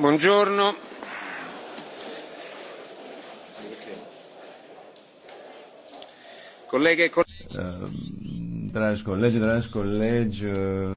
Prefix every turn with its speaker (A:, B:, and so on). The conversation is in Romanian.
A: Buongiorno.
B: Colleghe e
C: colleghi. Dragi colegi, dragi colegi.